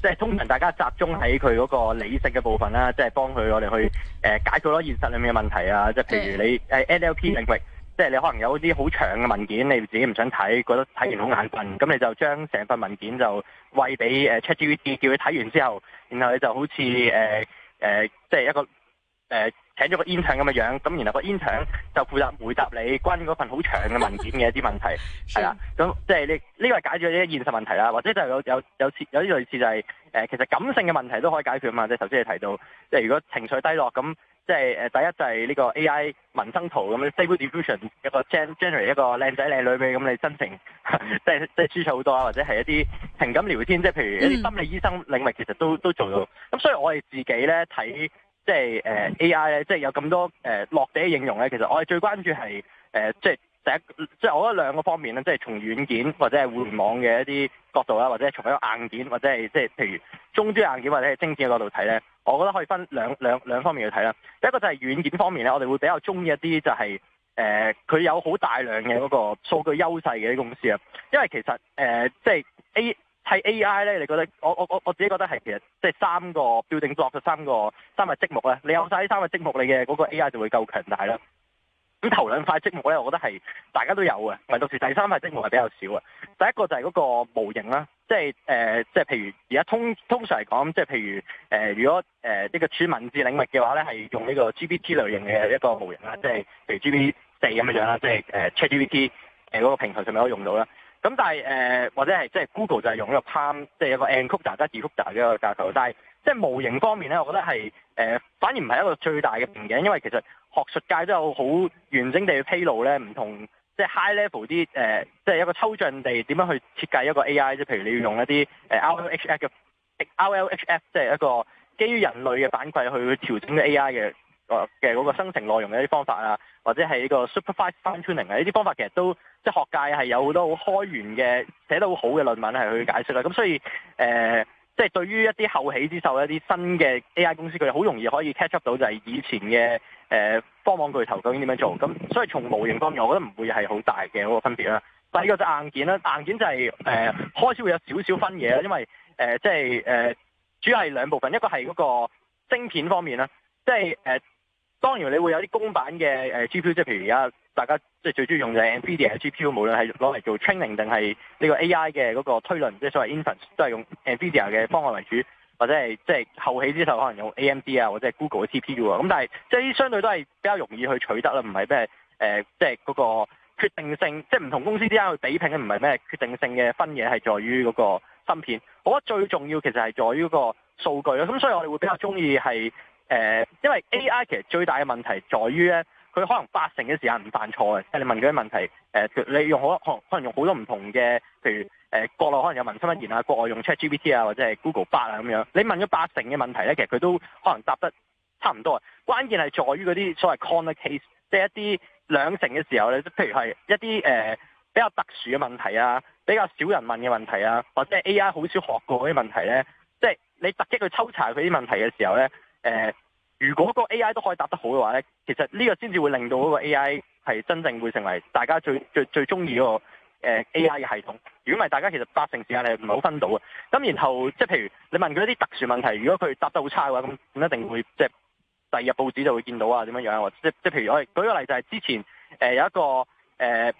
即係通常大家集中喺佢嗰個理性嘅部分啦，即係幫佢我哋去誒解決咗現實裏面嘅問題啊。即係譬如你誒 NLP 領域，即係你可能有啲好長嘅文件，你自己唔想睇，覺得睇完好眼瞓，咁你就將成份文件就餵俾誒 ChatGPT，叫佢睇完之後，然後你就好似誒誒，即係一個誒。呃請咗個煙腸咁嘅樣，樣，咁然後個煙腸就負責回答你關於嗰份好長嘅文件嘅一啲問題，係 啦，咁即係呢呢個係解決一啲現實問題啦，或者就有有有似有呢類似就係、是呃、其實感性嘅問題都可以解決啊嘛，即係頭先你提到，即、就、係、是、如果情緒低落咁，即係、就是呃、第一就係呢個 AI 民生圖咁樣 Stable Diffusion 一個 gen generate 一個靚仔靚女俾咁，你心情即係即係舒好多啊，或者係一啲情感聊天，即係譬如一啲心理醫生領域其實都都做到，咁所以我哋自己咧睇。即係誒 A.I. 咧，即、就、係、是、有咁多誒、呃、落地嘅應用咧。其實我哋最關注係誒，即、呃、係、就是、第一，即、就、係、是、我覺得兩個方面咧，即、就、係、是、從軟件或者係互聯網嘅一啲角度啦，或者從一個硬件或者係即係譬如中端硬件或者係精緻嘅角度睇咧，我覺得可以分兩兩兩方面去睇啦。第一個就係軟件方面咧，我哋會比較鍾意一啲就係、是、誒，佢、呃、有好大量嘅嗰個數據優勢嘅啲公司啊。因為其實誒，即、呃、係、就是、A。係 A.I. 咧，你覺得我我我我自己覺得係其實即係三個 building block，就三個三塊積木咧。你有晒呢三個積木，你嘅嗰個，個 A.I. 就會夠強大啦。咁頭兩塊積木咧，我覺得係大家都有嘅，唯獨是第三塊積木係比較少嘅。第一個就係嗰個模型啦，即係誒，即、呃、係、就是、譬如而家通通常嚟講，即、就、係、是、譬如誒、呃，如果誒呢、呃這個處文字領域嘅話咧，係用呢個 GPT 類型嘅一個模型啦，即、就、係、是、譬如 GPT 四咁嘅樣啦，即係誒 ChatGPT 誒嗰個平台上面可以用到啦。咁、嗯、但係、呃、或者係即係 Google 就係用一個 PaLM，即係一個 encoder 加 decoder 嘅架構。但係即係模型方面咧，我覺得係、呃、反而唔係一個最大嘅瓶頸，因為其實學術界都有好完整地披露咧，唔同即係 high level 啲即係一個抽象地點樣去設計一個 AI 啫。譬如你要用一啲 RLHF 嘅 RLHF，即係一個基於人類嘅板塊去調整嘅 AI 嘅。個嘅嗰個生成內容嘅一啲方法啊，或者係呢個 supervised fine tuning 啊，呢啲方法其實都即係學界係有好多好開源嘅寫得好好嘅論文係、啊、去解釋啦。咁所以誒，即、呃、係、就是、對於一啲後起之秀一啲新嘅 AI 公司，佢哋好容易可以 catch up 到就係以前嘅誒、呃、科網巨頭究竟點樣做。咁所以從模型方面，我覺得唔會係好大嘅嗰、那個分別啦、啊。第二個就硬件啦、啊，硬件就係、是、誒、呃、開始會有少少分嘢啦，因為誒即係主要係兩部分，一個係嗰個晶片方面啦、啊，即、就、係、是呃當然你會有啲公版嘅誒 GPU，即係譬如而家大家即係最中意用嘅 Nvidia 嘅 GPU，無論係攞嚟做 training 定係呢個 AI 嘅嗰個推論，即係所謂 inference 都係用 Nvidia 嘅方案為主，或者係即係後起之秀可能用 AMD 啊或者係 Google 嘅 TPU 啊。咁但係即係啲相對都係比較容易去取得啦，唔係咩誒即係嗰個決定性，即係唔同公司之間去比拼嘅唔係咩決定性嘅分野係在於嗰個芯片。我覺得最重要其實係在於嗰個數據啦。咁所以我哋會比較中意係。誒、呃，因為 AI 其實最大嘅問題在於咧，佢可能八成嘅時間唔犯錯嘅，即係你問佢啲問題，誒、呃，你用好多可能用好多唔同嘅，譬如誒、呃、國內可能有文心一言啊，國外用 ChatGPT 啊或者係 Google 八啊咁樣，你問咗八成嘅問題咧，其實佢都可能答得差唔多。關鍵係在於嗰啲所謂 corner case，即係一啲兩成嘅時候咧，即譬如係一啲誒、呃、比較特殊嘅問題啊，比較少人問嘅問題啊，或者係 AI 好少學過嗰啲問題咧，即、就、係、是、你突擊去抽查佢啲問題嘅時候咧。誒、呃，如果個 AI 都可以答得好嘅話咧，其實呢個先至會令到嗰個 AI 係真正會成為大家最最最中意嗰個、呃、AI 嘅系統。如果唔係，大家其實八成時間你唔係好分到。咁然後即譬如你問佢一啲特殊問題，如果佢答得好差嘅話，咁一定會即第二日報紙就會見到啊，點樣樣、啊、或即，即譬如我舉個例就係之前誒、呃、有一個誒、呃、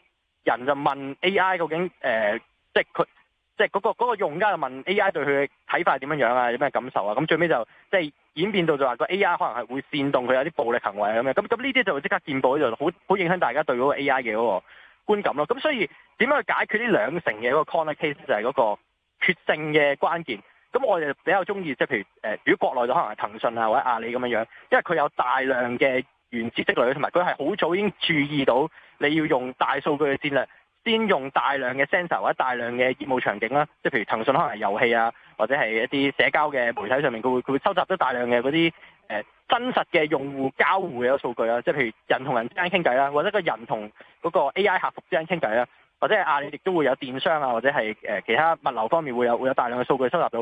人就問 AI 究竟誒、呃、即佢。即係嗰個嗰、那個、用家就問 A.I. 對佢嘅睇法係點樣啊？有咩感受啊？咁最尾就即係、就是、演變到就話、那個 A.I. 可能係會煽動佢有啲暴力行為咁樣，咁咁呢啲就即刻見報，就好好影響大家對嗰個 A.I. 嘅嗰個觀感咯。咁所以點樣去解決呢兩成嘅個個 corner case 就係嗰個決勝嘅關鍵。咁我哋比較中意即係譬如誒、呃，如果國內就可能係騰訊啊或者阿里咁樣，因為佢有大量嘅原始積累，同埋佢係好早已經注意到你要用大數據嘅戰略。先用大量嘅 sensor 或者大量嘅業務場景啦，即係譬如騰訊可能遊戲啊，或者係一啲社交嘅媒體上面，佢會佢會收集到大量嘅嗰啲誒真實嘅用戶交互嘅數據啦，即係譬如人同人之間傾偈啦，或者個人同嗰個 AI 客服之間傾偈啦，或者係阿里亦都會有電商啊，或者係誒、呃、其他物流方面會有會有大量嘅數據收集到。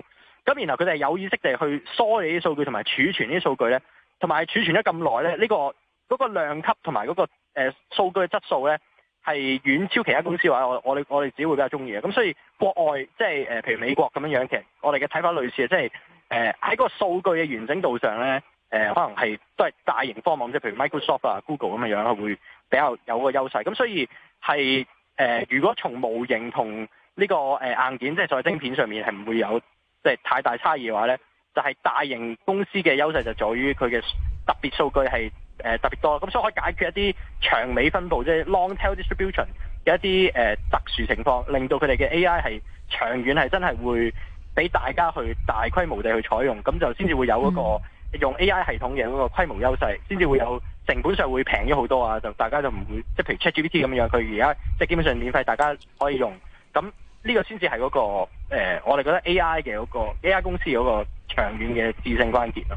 咁然後佢哋有意識地去梳理啲數據同埋儲存啲數據咧，同埋儲存咗咁耐咧，呢、這個嗰、那個、量級同埋嗰個誒、呃、數據質素咧。係遠超其他公司嘅話，我我哋我哋只會比較中意嘅。咁所以國外即係譬如美國咁樣，其實我哋嘅睇法類似，即係誒喺個數據嘅完整度上咧，誒、呃、可能係都係大型科網，即係譬如 Microsoft 啊、Google 咁樣樣，係會比較有個優勢。咁所以係誒、呃，如果從模型同呢個誒硬件，即係在晶片上面係唔會有即係、就是、太大差異嘅話咧，就係、是、大型公司嘅優勢就在於佢嘅特別數據係。誒特別多咁，所以可以解決一啲長尾分布即係 long tail distribution 嘅一啲誒、呃、特殊情況，令到佢哋嘅 AI 係長遠係真係會俾大家去大規模地去採用，咁就先至會有嗰個用 AI 系統嘅嗰個規模優勢，先至會有成本上會平咗好多啊！就大家就唔會即係譬如 ChatGPT 咁樣，佢而家即係基本上免費，大家可以用。咁呢個先至係嗰個、呃、我哋覺得 AI 嘅嗰、嗰個 AI 公司嗰個長遠嘅致勝關鍵咯。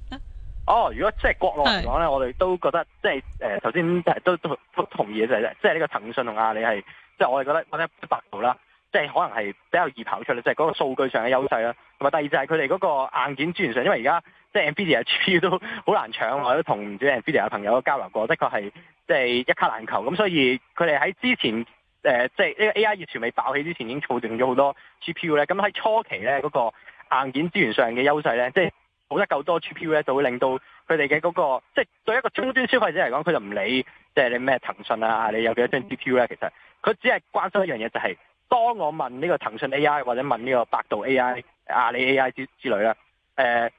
哦，如果即係國內嚟講咧，我哋都覺得即係誒，頭先係都都都同意嘅就係咧，即係呢個騰訊同阿里係，即係我哋覺得或者百度啦，即係可能係比較易跑出嚟，就係嗰個數據上嘅優勢啦。同埋第二就係佢哋嗰個硬件資源上，因為而家即係 Nvidia GPU 都好難搶，我都同 Nvidia 的朋友都交流過，的確係即係一卡難求。咁所以佢哋喺之前誒，即係呢個 AI 熱潮未爆起之前，已經儲定咗好多 GPU 咧。咁喺初期咧，嗰個硬件資源上嘅優勢咧，即係。冇得夠多 G P U 咧，就會令到佢哋嘅嗰個，即係對一個終端消費者嚟講，佢就唔理，即係你咩騰訊啊，你有幾多張 G P U 咧。其實佢只係關心一樣嘢，就係當我問呢個騰訊 A I 或者問呢個百度 A I、阿里 A I 之之類咧，呃，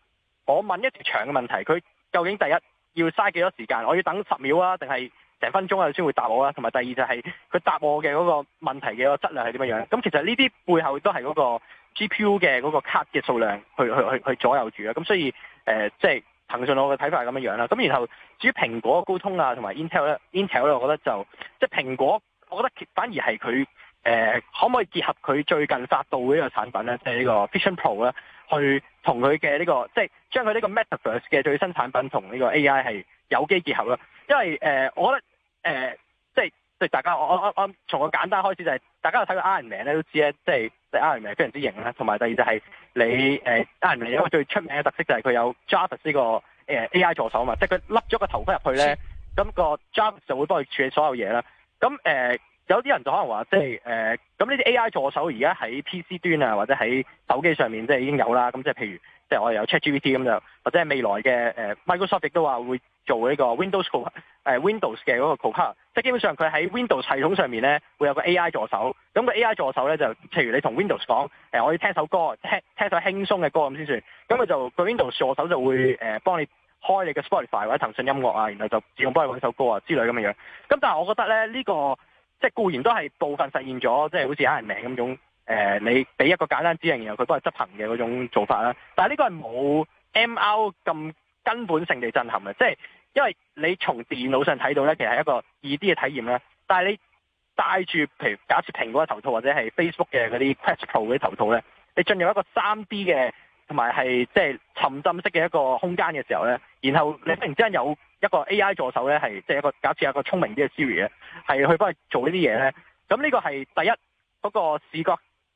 我問一條長嘅問題，佢究竟第一要嘥幾多時間，我要等十秒啊，定係成分鐘啊，先會答我啦？同埋第二就係佢答我嘅嗰個問題嘅個質量係點樣樣？咁其實呢啲背後都係嗰個。GPU 嘅嗰個卡嘅數量去去去去左右住，咁所以誒，即係騰訊我嘅睇法係咁樣樣啦。咁然後至於蘋果、高通啊，同埋 Intel 咧，Intel 咧，我覺得就即係、就是、蘋果，我覺得反而係佢誒可唔可以結合佢最近發佈嘅呢個產品咧，即、就、係、是、呢個 Vision Pro 啦，去同佢嘅呢個即係、就是、將佢呢個 MetaVerse 嘅最新產品同呢個 AI 係有機結合啦。因為誒、呃，我覺得誒。呃即係大家，我我我從個簡單開始就係、是，大家有睇過 Iron Man 咧都知咧，即、就、係、是、Iron Man 非常之型啦。同埋第二就係你誒、呃、 Iron Man，因為最出名嘅特色就係佢有 Jarvis、這個、呃、AI 助手啊嘛，即係佢甩咗個頭盔入去咧，咁、那個 Jarvis 就會幫佢處理所有嘢啦。咁誒有啲人就可能話，即係誒咁呢啲 A.I. 助手而家喺 P.C. 端啊，或者喺手機上面，即係已經有啦。咁即係譬如，即係我哋有 ChatGPT 咁就，或者係未來嘅誒、呃、Microsoft 亦都話會做呢個 Windows 酷、呃、誒 Windows 嘅嗰個即係基本上佢喺 Windows 系統上面咧會有個 A.I. 助手。咁、嗰個 A.I. 助手咧就，譬如你同 Windows 講誒、呃，我要聽首歌，聽聽首輕鬆嘅歌咁先算。咁佢就、嗰個 Windows 助手就會誒、呃、幫你開你嘅 Spotify 或者騰訊音樂啊，然後就自動幫你揾首歌啊之類咁嘅樣。咁但係我覺得咧呢、呢個。即固然都係部分實現咗，即係好似解人命咁種誒、呃，你俾一個簡單指令，然後佢都係執行嘅嗰種做法啦。但係呢個係冇 MR 咁根本性地震撼嘅，即係因為你從電腦上睇到呢，其實係一個二 D 嘅體驗啦。但係你戴住譬如假設蘋果嘅頭套或者係 Facebook 嘅嗰啲 Quest Pro 嗰啲頭套呢，你進入一個三 D 嘅，同埋係即係沉浸式嘅一個空間嘅時候呢。然後你忽然之間有一個 A.I. 助手呢，係即係一個假設一個聰明啲嘅 Siri，係去幫佢做呢啲嘢呢。咁呢個係第一嗰個視覺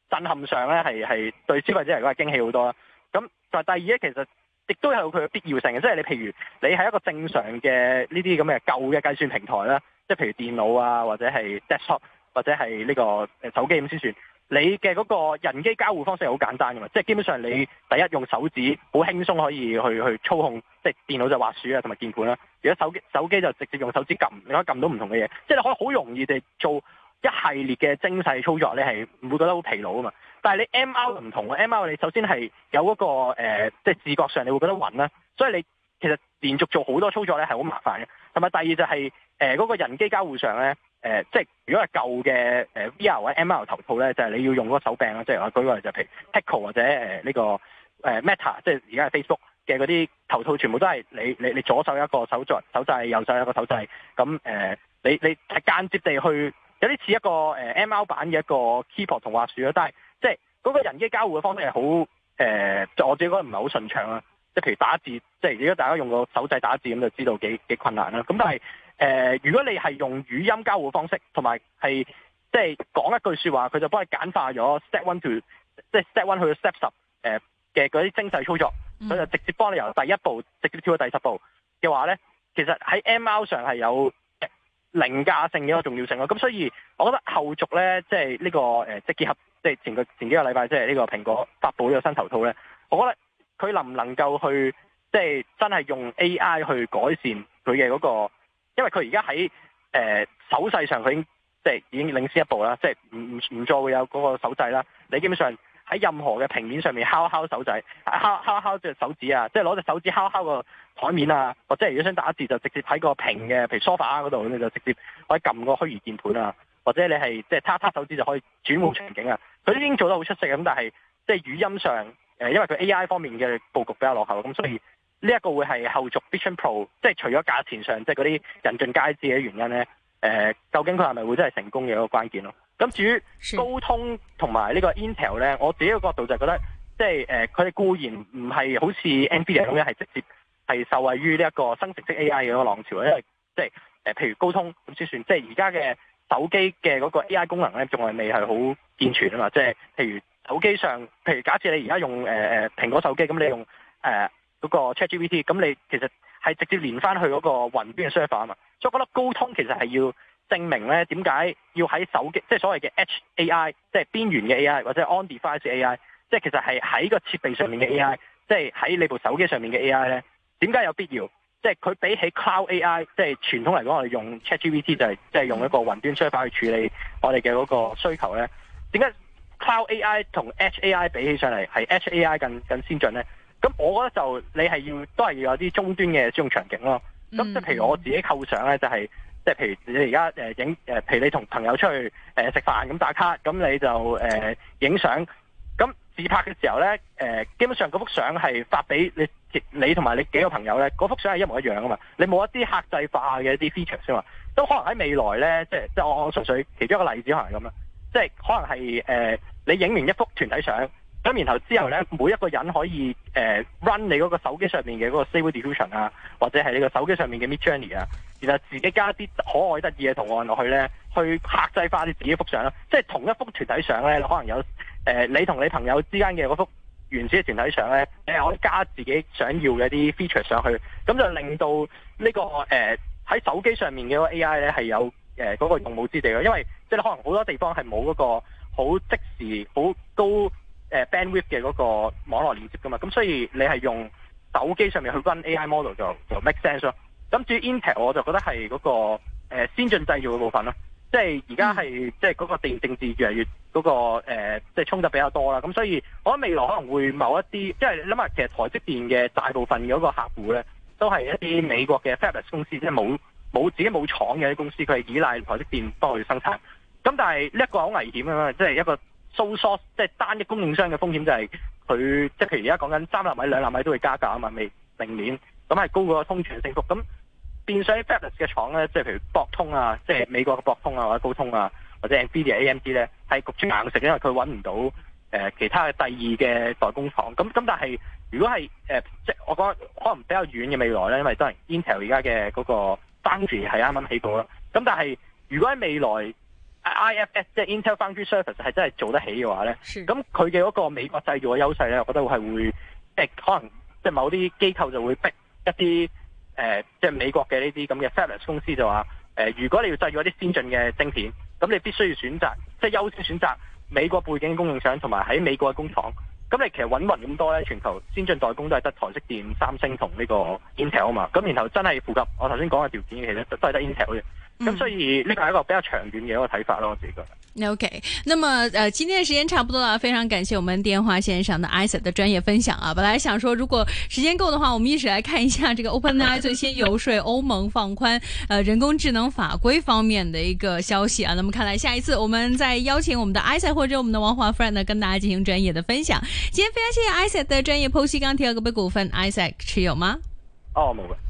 震撼上呢，係係對消費者嚟講係驚喜好多啦。咁就第二呢，其實亦都有佢嘅必要性嘅，即係你譬如你喺一個正常嘅呢啲咁嘅舊嘅計算平台啦，即係譬如電腦啊，或者係 desktop 或者係呢個誒手機咁先算。你嘅嗰個人機交互方式係好簡單嘅嘛，即係基本上你第一用手指好輕鬆可以去去操控，即係電腦就滑鼠啊，同埋鍵盤啦。如果手機手機就直接用手指撳，你可以撳到唔同嘅嘢，即係你可以好容易地做一系列嘅精細操作，你係唔會覺得好疲勞啊嘛。但係你 M R 唔同啊，M R 你首先係有嗰個誒，即係視覺上你會覺得暈啦，所以你其實連續做好多操作咧係好麻煩嘅。同埋第二就係誒嗰個人機交互上咧。誒、呃，即係如果係舊嘅、呃、VR 或者 ML 頭套咧，就係、是、你要用嗰個手柄啦，即係我舉個例就譬如 PICO 或者誒呢、呃這個、呃、Meta，即係而家 Facebook 嘅嗰啲頭套，全部都係你你你左手一個手掣，手掣右手一個手掣，咁、嗯、誒、呃、你你係間接地去有啲似一個、呃、ML 版嘅一個 keyboard 同滑鼠，但係即係嗰個人機交互嘅方式係好誒，我自己覺得唔係好順暢啊，即係譬如打字，即係如果大家用個手掣打字咁就知道幾幾困難啦，咁但係。誒、呃，如果你係用語音交互方式，同埋係即係講一句說話，佢就幫你簡化咗 step one to 即係 step one 去 step 十誒嘅嗰啲精細操作，佢就直接幫你由第一步直接跳到第十步嘅話咧，其實喺 M L 上係有凌駕性嘅一個重要性咯。咁所以我覺得後續咧，即係呢個誒，即、呃、結合即係、就是、前個前幾個禮拜即係呢個蘋果發布呢個新頭套咧，我覺得佢能唔能夠去即係、就是、真係用 A I 去改善佢嘅嗰個。因為佢而家喺誒手勢上，佢已經即係已經領先一步啦，即係唔唔唔再會有嗰個手勢啦。你基本上喺任何嘅平面上面敲一敲手勢敲敲，一敲隻手指啊，即係攞隻手指敲一敲個台面啊，或者如果想打字就直接喺個平嘅，譬如 sofa 嗰度你就直接可以撳個虛擬鍵盤啊，或者你係即係叉叉手指就可以轉換場景啊。佢已經做得好出色，咁但係即係語音上誒，因為佢 AI 方面嘅佈局比較落後，咁所以。呢、這、一個會係後續 Vision Pro，即係除咗價錢上即係嗰啲人盡皆知嘅原因咧，誒、呃、究竟佢係咪會真係成功嘅一個關鍵咯？咁至於高通同埋呢個 Intel 咧，我自己嘅角度就係覺得，即係誒佢哋固然唔係好似 Nvidia 咁樣係直接係受惠於呢一個生成式 AI 嘅一個浪潮，因為即係誒、呃、譬如高通咁先算，即係而家嘅手機嘅嗰個 AI 功能咧，仲係未係好健全啊嘛，即係譬如手機上，譬如假設你而家用誒誒蘋果手機咁，那你用誒。呃嗰個 ChatGPT，咁你其實係直接連翻去嗰個雲端嘅 server 啊嘛，所以我覺得高通其實係要證明咧，點解要喺手機，即係所謂嘅 Edge AI，即係邊緣嘅 AI 或者 on-device AI，即係其實係喺個設備上面嘅 AI，即係喺你部手機上面嘅 AI 咧，點解有必要？即係佢比起 cloud AI，即係傳統嚟講我哋用 ChatGPT 就係即係用一個雲端 server 去處理我哋嘅嗰個需求咧，點解 cloud AI 同 Edge AI 比起上嚟係 Edge AI 更更先進咧？咁我覺得就你係要都係要有啲終端嘅應用場景咯。咁、嗯、即係譬如我自己構想咧、嗯，就係即係譬如你而家誒影譬如你同朋友出去誒食飯咁打卡，咁你就誒影、呃、相。咁自拍嘅時候咧，誒、呃、基本上嗰幅相係發俾你，你同埋你幾個朋友咧，嗰幅相係一模一樣啊嘛。你冇一啲客製化嘅一啲 feature 先嘛。都可能喺未來咧，即係即係我，我純純粹其中一個例子可能係咁樣。即係可能係誒、呃、你影完一幅團體相。咁年頭之後咧，每一個人可以誒、呃、run 你嗰個手機上面嘅嗰個 Stable Diffusion 啊，或者係你個手機上面嘅 Midjourney 啊，然後自己加啲可愛得意嘅圖案落去咧，去客製化啲自己幅相啦。即係同一幅團體相咧，可能有誒、呃、你同你朋友之間嘅嗰幅原始嘅團體相咧，可、呃、以加自己想要嘅一啲 feature 上去，咁就令到呢、這個誒喺、呃、手機上面嘅個 AI 咧係有誒嗰、呃那個用武之地咯。因為即係你可能好多地方係冇嗰個好即時好高。誒 bandwidth 嘅嗰個網絡連接噶嘛，咁所以你係用手機上面去 run AI model 就就 make sense 咯。咁至於 Intel，我就覺得係嗰個先進製造嘅部分咯。即係而家係即係嗰個政政治越嚟越嗰、嗰個即係、呃即係、衝得比較多啦。咁所以我覺得未來可能會某一啲，即係諗下其實台積電嘅大部分嗰個客戶咧，都係一啲美國嘅 fabless 公司，即係冇冇自己冇廠嘅啲公司，佢係依賴台積電幫佢生產。咁但係呢、即係、一個好危險啊嘛，即係一個。so source 即係單一供應商嘅風險，就係佢即係譬如而家講緊三納米兩納米都會加價啊嘛，未明年咁係高過通脹升幅，咁變相 fabless 嘅廠咧，即係譬如博通啊，即係美國嘅博通啊，或者高通啊，或者 Nvidia AMG、AMD 咧，係焗住硬食，因為佢搵唔到誒、呃、其他嘅第二嘅代工廠。咁咁但係如果係誒、呃、即係我覺得可能比較遠嘅未來咧，因為當然 Intel 而家嘅嗰個 foundry 係啱啱起步啦。咁但係如果喺未來 I, I F S 即係 Intel Foundry Services 係真係做得起嘅話咧，咁佢嘅嗰個美國製造嘅優勢咧，我覺得會係會、呃，可能即係某啲機構就會逼一啲誒即係美國嘅呢啲咁嘅 foundry 公司就話誒、呃，如果你要製造一啲先進嘅晶片，咁你必須要選擇即係優先選擇美國背景嘅供應商同埋喺美國嘅工廠，咁你其實揾勻咁多咧，全球先進代工都係得台積電、三星同呢個 Intel 啊嘛，咁然後真係符合我頭先講嘅條件，其實都係得 Intel 嘅。咁、嗯、所以呢個係一個比較長遠嘅一個睇法咯，我自己覺得。Okay，那麼呃，今天嘅時間差不多啦，非常感謝我們電話線上的 Isaac 的專業分享啊！本來想說如果時間夠嘅話，我們一起來看一下這個 OpenAI 最新遊說 歐盟放寬呃人工智能法規方面的一個消息啊！那麼看來下一次我們再邀請我們的 Isaac 或者我們的王華 friend 呢，跟大家進行專業的分享。今天非常謝謝 Isaac 的專業剖析，剛提到個被股份 Isaac 持有嗎？哦，冇嘅。